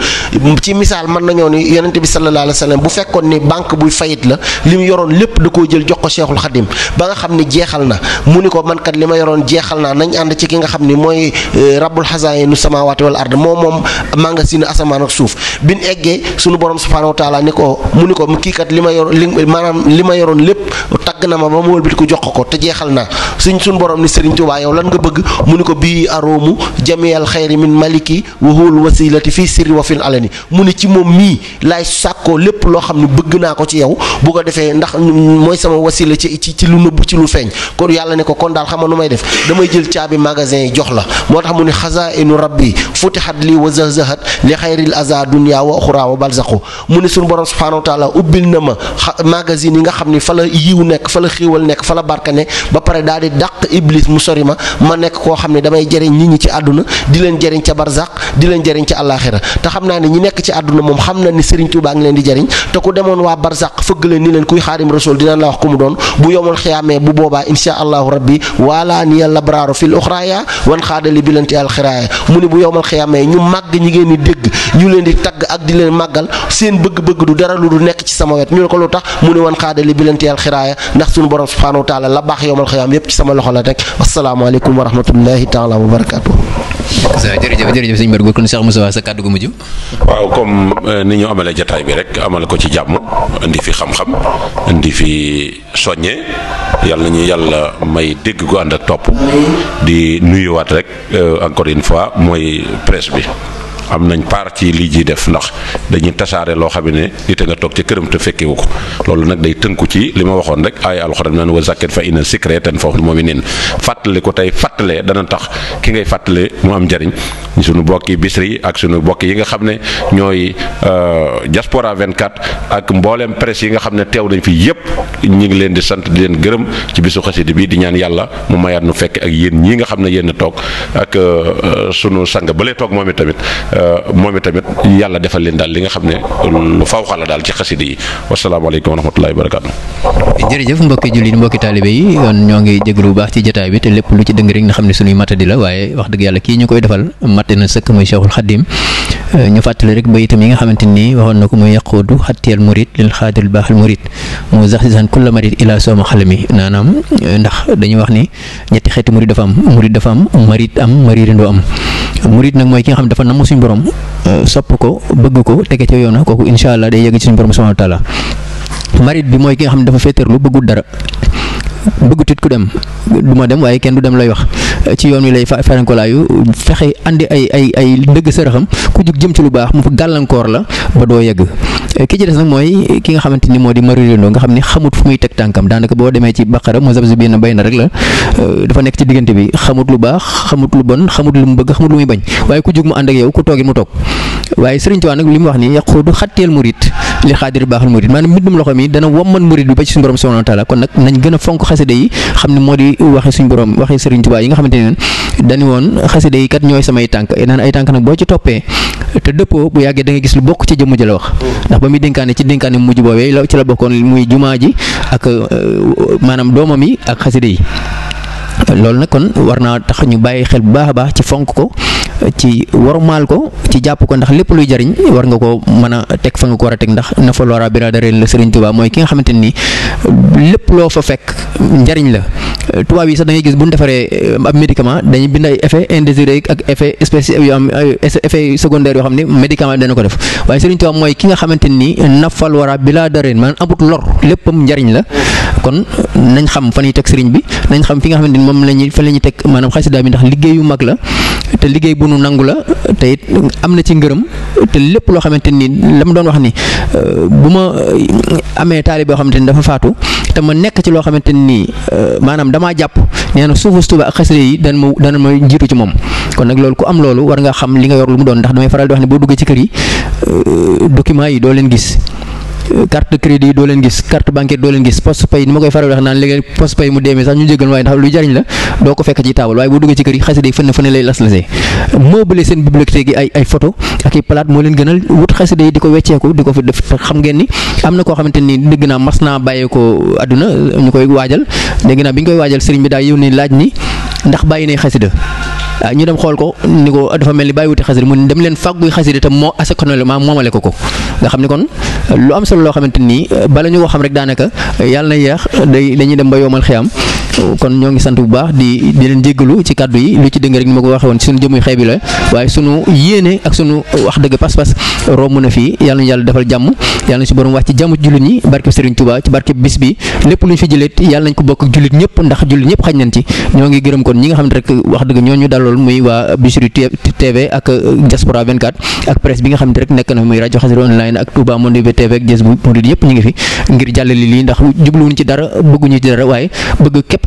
ci misaal mën nañoo ni yonente bi sallallahu alayhi wa sallam bu fekkoon ni banque buy fayit la li mu yoroon lépp da koo jël jox ko cheikhul xadim ba nga xam ni jeexal na mu ni ko man kat li ma yoroon jeexal naa nañ ànd ci ki nga xam ni mooy euh, rabbul xazaayinu samawaati wal ard moom moom magasin asamaan ak suuf bin eggee sunu borom subhaanahu wa taala ni ko mu ni ko kii li ma yor li maanaam li ma yoroon lépp tagg na ma ba ma wëlbatiku jox ko te jeexal na suñ sunu borom ni Serigne Touba yow lan nga bëgg mu ni ko bii aroomu jamial xayri min maliki wa huwal wasilati fii sirri wa fil alani mu ne ci moom mii laay sàkkoo lépp loo xam ne bëgg naa ko ci yow bu ko defee ndax mooy sama wasila ci ci lu nëbb ci lu feeñ kon yàlla ne ko kon daal xam may def damay jël caabi magasin yi jox la moo tax mu ne xazainu rabbi futihat lii wa zahzahat li xayril aza dunya wa oxra wa balzaqu mu ne suñu borom subhanahu wa taala ubbil na ma magasin yi nga xam ne fa la yiw nekk fa la xiiwal nekk fa la barka ba pare daal di dàq iblis mu sori ma ma nekk koo xam ne damay jëriñ nit ci àdduna di leen jëriñ ca barzaq di leen jëriñ ca àllaaxira te xam naa ne ñi nekk ci àdduna moom xam na ni Serigne Touba ngi leen di jariñ te ku demoon waa barzaq fëgg leen ni leen kuy xaadim rasul dinañ la wax ku mu doon bu yomul xiyaamee bu boobaa insha allahu rabbi waalaa niya labraaru fil oxraaya wan xaadali bi lanti alxiraaya mu ni bu yowmal xiyaamee ñu màgg ñi ngeen di dégg ñu leen di tagg ak di leen màggal seen bëgg-bëgg du dara lu du nekk ci sama ñu ko lu tax mu ni wan xaadali bi lanti alxiraaya ndax suñu borom subhaanahu wa taala la baax yowmal xiyaam yépp ci sama loxo la rek asalaamaaleykum wa rahmatullahi taala wa barakaatu waaw jërëjëf jërëjëf sëñ Mbadou Gueye kon Cheikh Moussa sa kàddu gu mujj. waaw comme euh, ni ñu amalee jataay bi rek amale ko ci jàmm indi fi xam-xam indi fi soññe yàlla ñu yàlla may dégg gu ànd ak topp di nuyuwaat rek euh, encore une fois mooy presse bi. am nañ part ci lii ji def ndax dañuy tasaare loo xam ne nit a nga toog ci këram te fekkewu ko loolu nag day tënku ci li ma waxoon rek ay alxuraan naan wa zakkir fa inna zikraa tanfa'u l-mu'miniin fàttali ko tey fàttalee dana tax ki ngay fàttale mu am njariñ suñu bokki bisri yi ak suñu bokk yi nga xam ne ñooy euh, vingt 24 ak mboolem press yi nga xam ne teew nañ fii yépp ñi ngi leen di sant di leen gërëm ci bisu xasida bii di ñaan yàlla mu mayaat nu fekk ak yéen ñii nga xam ne yéen a toog ak euh, sunu sang balee toog moom i tamit Euh, moom itamit yàlla defal leen daal li nga xam ne lu faw xala daal ci xasida yi wasalaamaaleykum wa rahmatullahi wa barakaatu. jërëjëf mbokki jullit mbokki taalibe yi kon ñoo ngi jégalu bu baax ci jotaay bi te lépp lu ci dëng rek nga xam ne suñuy di la waaye wax dëgg yàlla kii ñu koy defal matte na sëkk muy Cheikhul Khadim Euh, ñu fàttali rek bayitam yi nga xamante nii waxoon na ko muy yaquudu xattiyal murid lil xaadiril baaxal murid mu zax sisan kulla marid ila sooma mi naanaam euh, ndax dañuy wax ni ñetti xeeti murid dafa am murid dafa am marid am maririndoo am murid nag mooy ki nga xam dafa namm suñu borom euh, sopp ko bëgg ko tege ca yoona kooku incha allah day yegg ci suñu borom subhanahu wa taala bi mooy ki nga xam dafa féetarlu bëggul dara bëgg ku dem du ma dem waaye kenn du dem lay wax ci yoon wi lay farankolaayu fexe andi ay ay ay ndëgg sërëxam ku jug jëm ci lu baax mu gàllankoor la ba doo yegg ki ci des nag mooy ki nga xamante ni moo di Marino nga xam ni xamut fu muy teg tànkam daanaka boo demee ci baqara mu zabzi bi na bay na rek la euh, dafa nekk ci diggante bi xamut lu baax xamut lu bon xamut lu mu bëgg xamut lu muy bañ waaye ku jug mu ànd ak yow ku toogit mu toog waaye Sëriñ Tuubaa nag li mu wax ni yaquudu xatteel murid li xaadir baaxal murid maanaam mbindum loxo mi dana womman murid bi ba ci suñu borom subhanahu wa taala kon nag nañ a xam ne moo di waxe suñu borom waxe Sëriñ Tuubaa naan ay tànk nag boo ci toppee te dëppoo bu yàggee da gis lu bokk ci jëmm ji la wax ndax ba muy dénkaane ci mu mujj boobee la ci la bokkoon muy jumaa ji ak euh, maanaam doomam yi ak xasida yi loolu nag kon war naa tax ñu bàyyi xel bu baax a baax ci fonk ko ci warmaal ko ci jàpp ko ndax lépp luy jariñ war nga ko mën a teg fa nga ko war a teg ndax na fa lora birada reen la Serigne Touba mooy ki nga xamante ni lépp loo fa fekk njariñ la tubaab yi sax da ngay gis bu ñu defaree eh, ab médicament dañuy bind ay effet indésiré ak effet spécial yu am yoo xam ne médicament dana ko def waaye Serigne Touba mooy ki nga xamante ni nafal wara bila dareen maanaam amut lor léppam njariñ la kon nañ xam fa ñuy teg Serigne bi nañ xam fi nga xamante ni moom la ñuy fa la ñuy teg maanaam xasida bi ndax liggéeyu mag la te liggéey bu gu nu nangu la te am na ci ngërëm te lépp loo xamante ni la mu doon wax ni euh, bu ma euh, amee taalibe boo xamante ni dafa faatu te ma nekk ci loo xamante ni euh, maanaam damaa jàpp nee na suufu Tuuba ak xasida yi dana ma dana ma jiitu ci moom kon nag loolu ku am loolu war nga xam li nga yor lu mu doon ndax damay faral di wax ne boo duggee ci kër yi document yi doo leen gis. carte crédit doo leen gis carte bancaire doo leen gis poste pay ni ma koy faral wax naan léegi poste pay mu deemee sax ñu jégal waaye ndax luy jariñ la doo ko fekk ci taabal waaye boo duggee ci kër yi xasida yi fën na fën na lay las lasee meubler seen bibliothèque yi ay photo ak i plate moo leen gënal wut xasida yi di ko wecceeku di ko fi def xam ngeen ni am na koo xamante ni dégg naa mas naa bàyyee ko àdduna ñu koy waajal dégg naa bi ñu koy waaj sëriñ bi daal yow ni laaj ni ndax bàyyi nay xasida Ah, ñu dem xool ko ni ko dafa mel ni bàyyi wuti xasida mu ne dem leen fàgguy xasida itam moo asakanoole maa moomale ko ko nga xam ne kon lu am solo loo xamante nii bala ñu ko xam rek daanaka yàlla na yeex day dañuy dem ba yomal am kon ñoo ngi sant bu baax di di leen jéggalu ci kàddu yi lu ci dëng rek ni ma ko waxee woon ci sunu jëmuy xeebi la waaye sunu yéene ak sunu wax dëgg pas-pas romb na fii yàlla ñu yàlla defal jàmm yàlla ñu si borom wàcc jàmm jullit ñi barkeb Serigne Touba ci barkeb bis bi lépp lu ñu fi jëleet yàlla nañ ko bokk jullit ñëpp ndax euh, jubluwuñ ci dara bëgguñu ci dara waaye bëgg képp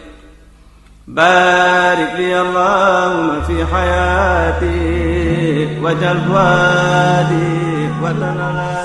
بارك لي اللهم في حياتي وجل فؤادي وتنالي